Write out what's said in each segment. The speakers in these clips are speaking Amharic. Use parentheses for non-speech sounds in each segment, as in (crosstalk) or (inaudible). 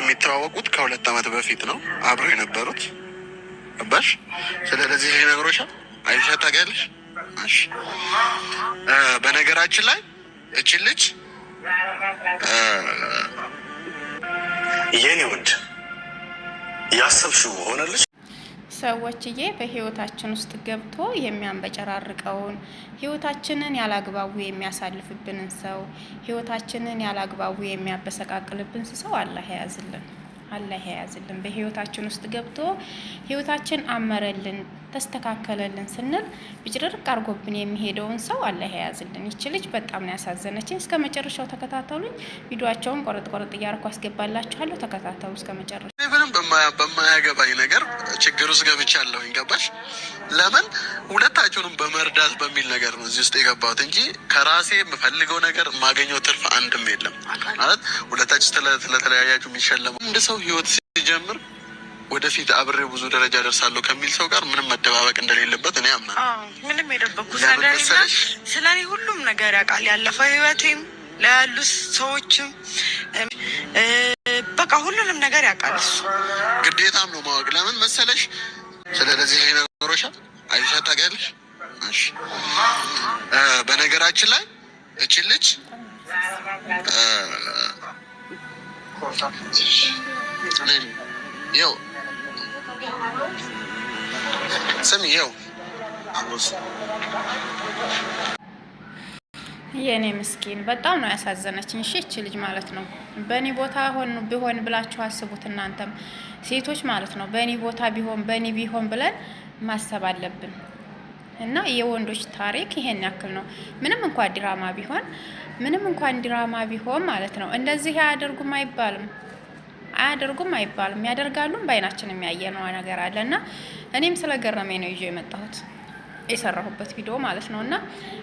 የሚተዋወቁት ከሁለት አመት በፊት ነው አብረው የነበሩት አባሽ ስለዚህ ልጅ ነግሮሻል። አይሻ ታውቂያለሽ? እሺ። በነገራችን ላይ እችን ልጅ የኔ ወንድ ያሰብሽው ሆነልሽ። ሰዎችዬ በህይወታችን ውስጥ ገብቶ የሚያንበጨራርቀውን ህይወታችንን ያላግባቡ የሚያሳልፍብንን ሰው ህይወታችንን ያላግባቡ የሚያበሰቃቅልብን ሰው አላህ ያዝልን፣ አላህ ያዝልን። በህይወታችን ውስጥ ገብቶ ህይወታችን አመረልን፣ ተስተካከለልን ስንል ብጭርቅ አርጎብን የሚሄደውን ሰው አላህ ያዝልን። ይች ልጅ በጣም ነው ያሳዘነችኝ። እስከ መጨረሻው ተከታተሉኝ። ቪዲዮቸውን ቆረጥ ቆረጥ እያርኩ አስገባላችኋለሁ። ተከታተሉ እስከ መጨረሻ ምንም በማያገባኝ ነገር ችግር ውስጥ ገብቻለሁ። ይገባሽ? ለምን ሁለታችሁንም በመርዳት በሚል ነገር ነው እዚህ ውስጥ የገባሁት እንጂ ከራሴ የምፈልገው ነገር የማገኘው ትርፍ አንድም የለም። ማለት ሁለታችሁ ስለተለያያችሁ የሚሸለመው አንድ ሰው ህይወት ሲጀምር ወደፊት አብሬ ብዙ ደረጃ ደርሳለሁ ከሚል ሰው ጋር ምንም መደባበቅ እንደሌለበት እኔ አምናለሁ። ምንም የደበኩት ነገር የለም። ስለ እኔ ሁሉም ነገር ያውቃል። ያለፈው ህይወቴም ለያሉት ሰዎችም በቃ ሁሉንም ነገር ያውቃል እሱ። ግዴታም ነው ማወቅ። ለምን መሰለሽ? ስለዚህ ላይ ነገሮሻል አይሻ ታውቂያለሽ። በነገራችን ላይ እችን ልጅ ው ስም ው የእኔ ምስኪን በጣም ነው ያሳዘነችኝ። እሺ እቺ ልጅ ማለት ነው በእኔ ቦታ ሆን ቢሆን ብላችሁ አስቡት እናንተም ሴቶች ማለት ነው። በእኔ ቦታ ቢሆን በእኔ ቢሆን ብለን ማሰብ አለብን። እና የወንዶች ታሪክ ይሄን ያክል ነው። ምንም እንኳን ድራማ ቢሆን ምንም እንኳን ዲራማ ቢሆን ማለት ነው እንደዚህ አያደርጉም አይባልም አያደርጉም አይባልም። ያደርጋሉም በአይናችን የሚያየ ነው ነገር አለ እና እኔም ስለገረመኝ ነው ይዤ የመጣሁት የሰራሁበት ቪዲዮ ማለት ነው እና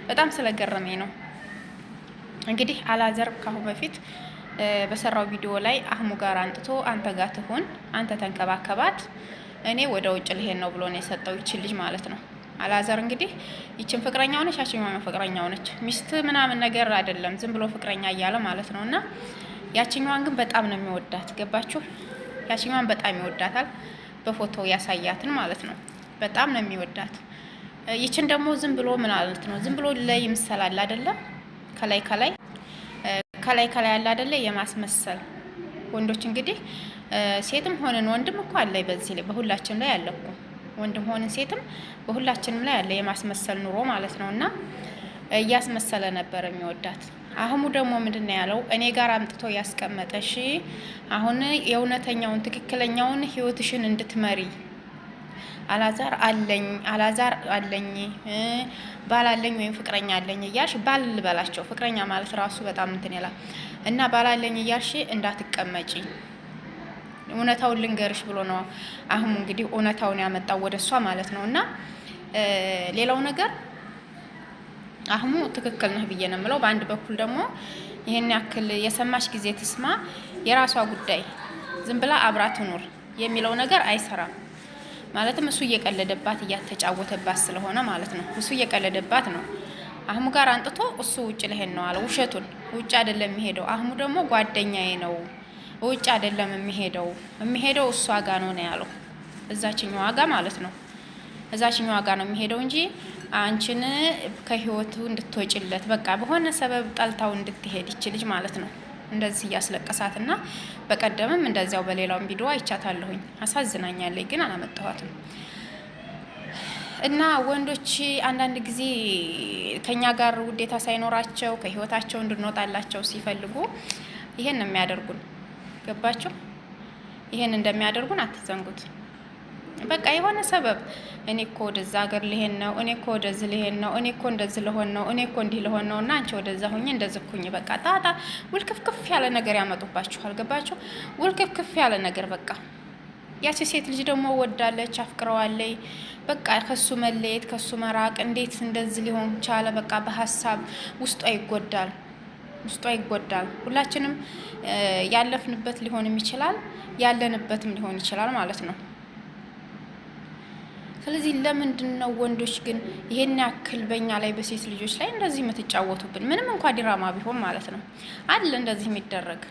በጣም ስለገረመኝ ነው። እንግዲህ አላዘር ካሁን በፊት በሰራው ቪዲዮ ላይ አህሙ ጋር አንጥቶ አንተ ጋር ትሆን አንተ ተንከባከባት እኔ ወደ ውጭ ልሄድ ነው ብሎ ነው የሰጠው ይችን ልጅ ማለት ነው። አላዘር እንግዲህ ይችን ፍቅረኛ ሆነች፣ ያችኛዋ ፍቅረኛ ሆነች፣ ሚስት ምናምን ነገር አይደለም ዝም ብሎ ፍቅረኛ እያለ ማለት ነው። እና ያችኛዋን ግን በጣም ነው የሚወዳት ገባችሁ? ያችኛዋን በጣም ይወዳታል፣ በፎቶ ያሳያትን ማለት ነው። በጣም ነው የሚወዳት። ይችን ደግሞ ዝም ብሎ ምን ማለት ነው ዝም ብሎ ለይምሰላል አይደለም ከላይ ከላይ ከላይ ከላይ ያለ አይደለ የማስመሰል ወንዶች እንግዲህ ሴትም ሆንን ወንድም እኮ አለ በዚህ ላይ በሁላችንም ላይ አለ እኮ ወንድም ሆንን ሴትም በሁላችንም ላይ አለ የማስመሰል ኑሮ ማለት ነው። እና እያስመሰለ ነበር የሚወዳት። አህሙ ደግሞ ምንድን ነው ያለው? እኔ ጋር አምጥቶ ያስቀመጠሽ አሁን የእውነተኛውን ትክክለኛውን ህይወትሽን እንድትመሪ አላዛር አለኝ አላዛር አለኝ ባላለኝ ወይም ፍቅረኛ አለኝ እያልሽ ባል ልበላቸው። ፍቅረኛ ማለት ራሱ በጣም እንትን ይላል እና ባላለኝ እያልሽ እንዳትቀመጪ። እውነታውን ልንገርሽ ብሎ ነው አሁን እንግዲህ እውነታውን ያመጣው ወደ እሷ ማለት ነው። እና ሌላው ነገር አህሙ ትክክል ነህ ብዬ ነው የምለው። በአንድ በኩል ደግሞ ይህን ያክል የሰማች ጊዜ ትስማ፣ የራሷ ጉዳይ፣ ዝም ብላ አብራ ትኑር የሚለው ነገር አይሰራም። ማለትም እሱ እየቀለደባት እያተጫወተባት ስለሆነ ማለት ነው። እሱ እየቀለደባት ነው። አህሙ ጋር አንጥቶ እሱ ውጭ ልሄድ ነው አለ። ውሸቱን ውጭ አይደለም የሚሄደው። አህሙ ደግሞ ጓደኛዬ ነው፣ ውጭ አይደለም የሚሄደው፣ የሚሄደው እሷ ጋ ነው ነው ያለው። እዛችኛ ዋጋ ማለት ነው። እዛችኛው ዋጋ ነው የሚሄደው እንጂ አንቺን ከህይወቱ እንድትወጭለት በቃ በሆነ ሰበብ ጠልታው እንድትሄድ ይች ማለት ነው። እንደዚህ እያስለቀሳት እና በቀደምም እንደዚያው በሌላውን ቪዲዮ አይቻታለሁኝ። አሳዝናኛለች፣ ግን አላመጣኋትም። እና ወንዶች አንዳንድ ጊዜ ከእኛ ጋር ውዴታ ሳይኖራቸው ከህይወታቸው እንድንወጣላቸው ሲፈልጉ ይሄን ነው የሚያደርጉን። ገባቸው። ይሄን እንደሚያደርጉን አትዘንጉት። በቃ የሆነ ሰበብ እኔ እኮ ወደዛ ሀገር ልሄድ ነው፣ እኔ እኮ ወደዚህ ልሄድ ነው፣ እኔ እኮ እንደዚህ ልሆን ነው፣ እኔ እኮ እንዲህ ልሆን ነው እና አንቺ ወደዛ ሁኝ እንደዚህ ኩኝ በቃ ጣጣ ውልክፍክፍ ያለ ነገር ያመጡባችኋል። ገባችሁ? ውልክፍክፍ ያለ ነገር በቃ ያቺ ሴት ልጅ ደግሞ ወዳለች አፍቅረዋለይ በቃ ከሱ መለየት ከሱ መራቅ እንዴት እንደዚህ ሊሆን ቻለ? በቃ በሀሳብ ውስጧ ይጎዳል፣ ውስጧ ይጎዳል። ሁላችንም ያለፍንበት ሊሆንም ይችላል ያለንበትም ሊሆን ይችላል ማለት ነው። ስለዚህ ለምንድን ነው ወንዶች ግን ይሄን ያክል በእኛ ላይ በሴት ልጆች ላይ እንደዚህ የምትጫወቱብን? ምንም እንኳ ዲራማ ቢሆን ማለት ነው አለ እንደዚህ የሚደረግ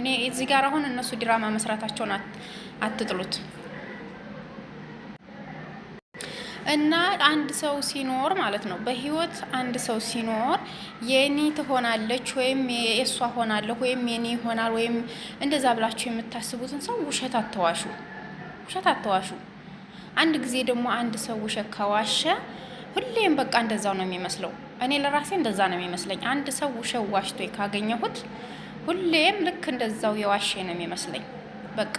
እኔ እዚህ ጋር አሁን እነሱ ዲራማ መስራታቸውን አትጥሉት። እና አንድ ሰው ሲኖር ማለት ነው በህይወት አንድ ሰው ሲኖር የኔ ትሆናለች ወይም የእሷ ሆናለሁ ወይም የኔ ይሆናል ወይም እንደዛ ብላችሁ የምታስቡትን ሰው ውሸት አተዋሹ፣ ውሸት አተዋሹ። አንድ ጊዜ ደግሞ አንድ ሰው ውሸት ከዋሸ ሁሌም በቃ እንደዛው ነው የሚመስለው። እኔ ለራሴ እንደዛ ነው የሚመስለኝ። አንድ ሰው ውሸት ዋሽቶ ካገኘሁት ሁሌም ልክ እንደዛው የዋሸ ነው የሚመስለኝ። በቃ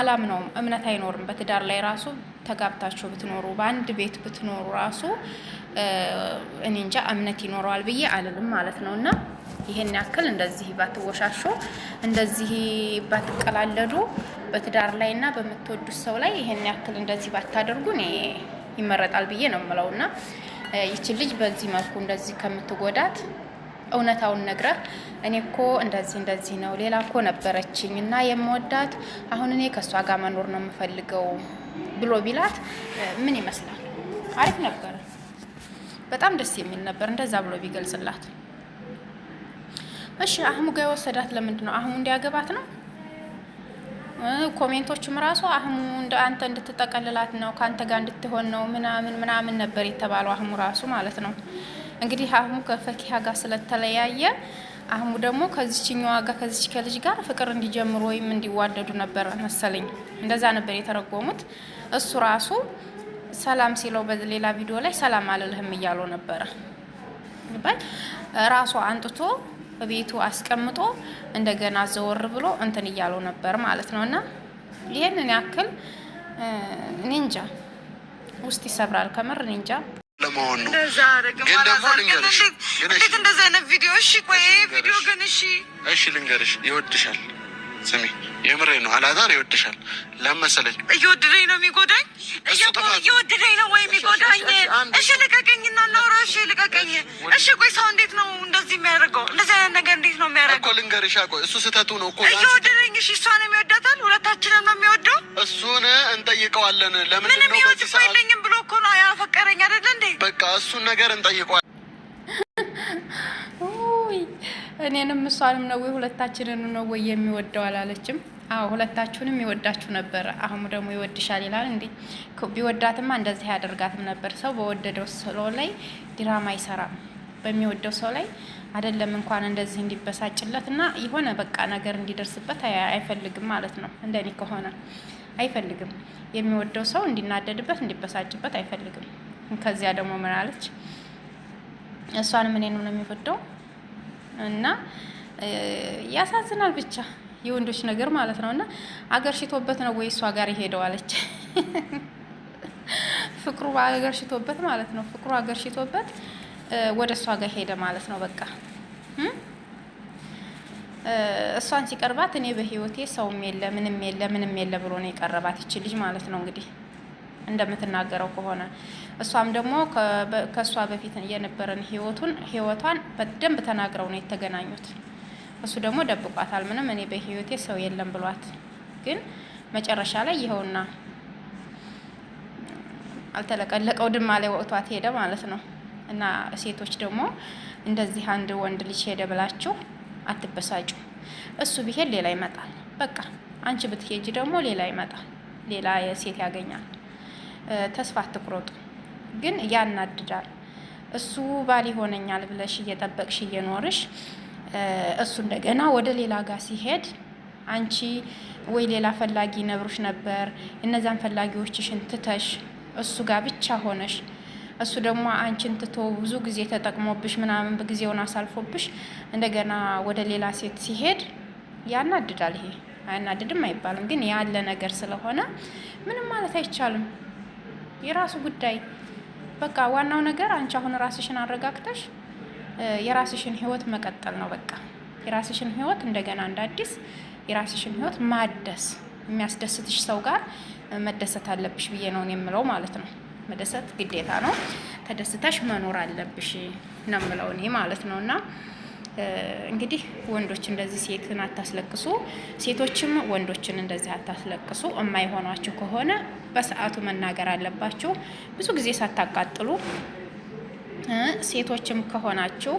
አላምነውም፣ እምነት አይኖርም። በትዳር ላይ ራሱ ተጋብታችሁ ብትኖሩ በአንድ ቤት ብትኖሩ ራሱ እኔ እንጃ እምነት ይኖረዋል ብዬ አልልም ማለት ነው እና ይሄን ያክል እንደዚህ ባትወሻሹ፣ እንደዚህ ባትቀላለዱ፣ በትዳር ላይ እና በምትወዱት ሰው ላይ ይሄን ያክል እንደዚህ ባታደርጉ እኔ ይመረጣል ብዬ ነው የምለው እና ይችን ልጅ በዚህ መልኩ እንደዚህ ከምትጎዳት እውነታውን ነግረ እኔ እኮ እንደዚህ እንደዚህ ነው፣ ሌላ እኮ ነበረችኝ እና የምወዳት አሁን እኔ ከእሷ ጋር መኖር ነው የምፈልገው ብሎ ቢላት ምን ይመስላል? አሪፍ ነበር። በጣም ደስ የሚል ነበር እንደዛ ብሎ ቢገልጽላት እሺ አህሙ ጋር የወሰዳት ለምንድን ነው? አህሙ እንዲያገባት ነው። ኮሜንቶቹም ራሱ አህሙ እንደ አንተ እንድትጠቀልላት ነው ከአንተ ጋር እንድትሆን ነው ምናምን ምናምን ነበር የተባለው አህሙ ራሱ ማለት ነው። እንግዲህ አህሙ ከፈኪሃ ጋር ስለተለያየ አህሙ ደግሞ ከዚችኛዋ ጋር ከዚች ከልጅ ጋር ፍቅር እንዲጀምሩ ወይም እንዲዋደዱ ነበር መሰለኝ። እንደዛ ነበር የተረጎሙት። እሱ ራሱ ሰላም ሲለው በሌላ ቪዲዮ ላይ ሰላም አልልህም እያለው ነበረ ራሱ አንጥቶ ቤቱ አስቀምጦ እንደገና ዘወር ብሎ እንትን እያሉ ነበር ማለት ነው። እና ይህንን ያክል ኒንጃ ውስጥ ይሰብራል። ከምር ኒንጃ ለመሆን ነው። ደግሞ ልንገርሽ፣ እንደዚህ አይነት ቪዲዮ እሺ፣ ቆይ ቪዲዮ ግን እሺ፣ እሺ ልንገርሽ፣ ይወድሻል ስሚ የምሬ ነው። አላዛር ይወድሻል። ለመሰለኝ እየወደደኝ ነው የሚጎዳኝ፣ እየወደደኝ ነው ወይ የሚጎዳኝ? እሺ ልቀቀኝ፣ እና እሺ ልቀቀኝ። እሺ ቆይ፣ ሰው እንዴት ነው እንደዚህ የሚያደርገው? እንደዚህ አይነት ነገር እንዴት ነው የሚያደርገው እኮ ልንገርሻ፣ ቆይ እሱ ስህተቱ ነው እኮ እየወደደኝ። እሺ እሷን የሚወዳታል፣ ሁለታችንን ነው የሚወደው። እሱን እንጠይቀዋለን። ለምን ምንም ይወድ የለኝም ብሎ እኮ ነው ያፈቀረኝ አይደለ እንዴ? በቃ እሱን ነገር እንጠይቀዋለን። እኔንም እሷንም ነው ወይ ሁለታችንን ነው ወይ የሚወደው አላለችም። አዎ ሁለታችሁንም ይወዳችሁ ነበር። አሁን ደግሞ ይወድሻል ይላል። እንዴ ቢወዳትማ እንደዚህ ያደርጋትም ነበር። ሰው በወደደው ሰው ላይ ድራማ አይሰራም። በሚወደው ሰው ላይ አይደለም እንኳን እንደዚህ እንዲበሳጭለት እና የሆነ በቃ ነገር እንዲደርስበት አይፈልግም ማለት ነው። እንደኔ ከሆነ አይፈልግም። የሚወደው ሰው እንዲናደድበት፣ እንዲበሳጭበት አይፈልግም። ከዚያ ደግሞ ምን አለች? እሷንም እኔንም ነው የሚወደው እና ያሳዝናል ብቻ የወንዶች ነገር ማለት ነው። እና አገር ሽቶበት ነው ወይ እሷ ጋር ይሄደው አለች። (laughs) ፍቅሩ አገር ሽቶበት ማለት ነው። ፍቅሩ አገር ሽቶበት ወደ እሷ ጋር ሄደ ማለት ነው። በቃ እሷን ሲቀርባት እኔ በህይወቴ ሰውም የለ ምንም የለ ምንም የለ ብሎ ነው የቀረባት ይች ልጅ ማለት ነው እንግዲህ እንደምትናገረው ከሆነ እሷም ደግሞ ከእሷ በፊት የነበረን ህይወቱን ህይወቷን በደንብ ተናግረው ነው የተገናኙት። እሱ ደግሞ ደብቋታል። ምንም እኔ በህይወቴ ሰው የለም ብሏት፣ ግን መጨረሻ ላይ ይኸውና አልተለቀለቀው ድማ ላይ ወቅቷት ሄደ ማለት ነው። እና ሴቶች ደግሞ እንደዚህ አንድ ወንድ ልጅ ሄደ ብላችሁ አትበሳጩ። እሱ ቢሄድ ሌላ ይመጣል። በቃ አንቺ ብትሄጅ ደግሞ ሌላ ይመጣል፣ ሌላ ሴት ያገኛል። ተስፋ አትቁረጡ። ግን ያናድዳል። እሱ ባል ይሆነኛል ብለሽ እየጠበቅሽ እየኖርሽ እሱ እንደገና ወደ ሌላ ጋር ሲሄድ አንቺ ወይ ሌላ ፈላጊ ነብሮች ነበር እነዛን ፈላጊዎችሽን ትተሽ እሱ ጋር ብቻ ሆነሽ እሱ ደግሞ አንቺን ትቶ ብዙ ጊዜ ተጠቅሞብሽ ምናምን ጊዜውን አሳልፎብሽ እንደገና ወደ ሌላ ሴት ሲሄድ ያናድዳል። ይሄ አያናድድም አይባልም፣ ግን ያለ ነገር ስለሆነ ምንም ማለት አይቻልም። የራሱ ጉዳይ። በቃ ዋናው ነገር አንቺ አሁን ራስሽን አረጋግተሽ የራስሽን ህይወት መቀጠል ነው። በቃ የራስሽን ህይወት እንደገና እንደ አዲስ የራስሽን ህይወት ማደስ የሚያስደስትሽ ሰው ጋር መደሰት አለብሽ ብዬ ነው የምለው ማለት ነው። መደሰት ግዴታ ነው። ተደስተሽ መኖር አለብሽ ነው የምለው እኔ ማለት ነው እና እንግዲህ ወንዶች እንደዚህ ሴትን አታስለቅሱ፣ ሴቶችም ወንዶችን እንደዚህ አታስለቅሱ። የማይሆናችሁ ከሆነ በሰዓቱ መናገር አለባችሁ፣ ብዙ ጊዜ ሳታቃጥሉ። ሴቶችም ከሆናችሁ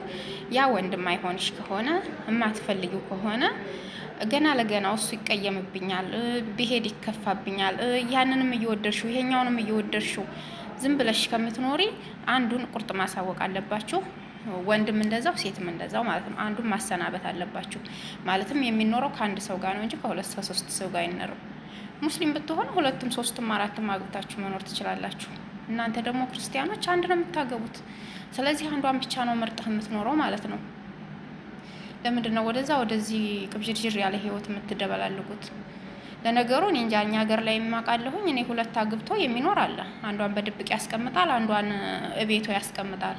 ያ ወንድ የማይሆንሽ ከሆነ የማትፈልጊው ከሆነ ገና ለገና እሱ ይቀየምብኛል፣ ብሄድ ይከፋብኛል፣ ያንንም እየወደድሽው ይሄኛውንም እየወደድሽው ዝም ብለሽ ከምትኖሪ አንዱን ቁርጥ ማሳወቅ አለባችሁ። ወንድም እንደዛው ሴትም እንደዛው ማለት ነው። አንዱን ማሰናበት አለባችሁ። ማለትም የሚኖረው ከአንድ ሰው ጋር ነው እንጂ ከሁለት ከሶስት ሰው ጋር አይኖርም። ሙስሊም ብትሆኑ ሁለቱም ሶስትም አራትም አግብታችሁ መኖር ትችላላችሁ። እናንተ ደግሞ ክርስቲያኖች አንድ ነው የምታገቡት። ስለዚህ አንዷን ብቻ ነው መርጠህ የምትኖረው ማለት ነው። ለምንድን ነው ወደዛ ወደዚህ ቅብዥርዥር ያለ ህይወት የምትደበላልጉት? ለነገሩ እኔ እንጃ እኛ ሀገር ላይ የማውቃለሁኝ እኔ ሁለት አግብቶ የሚኖር አለ። አንዷን በድብቅ ያስቀምጣል፣ አንዷን እቤቶ ያስቀምጣል።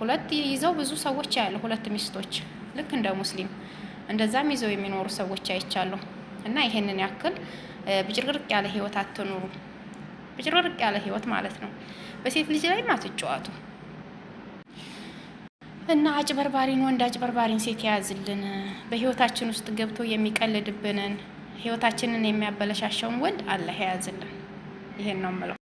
ሁለት ይዘው ብዙ ሰዎች ያለ ሁለት ሚስቶች ልክ እንደ ሙስሊም እንደዛም ይዘው የሚኖሩ ሰዎች አይቻሉ እና ይሄንን ያክል ብጭርቅርቅ ያለ ህይወት አትኑሩ። ብጭርቅርቅ ያለ ህይወት ማለት ነው። በሴት ልጅ ላይም አትጫዋቱ። እና አጭበርባሪን ወንድ አጭበርባሪን ሴት የያዝልን በህይወታችን ውስጥ ገብቶ የሚቀልድብንን ህይወታችንን የሚያበለሻሸውን ወንድ አላህ የያዝልን። ይሄን ነው ምለው።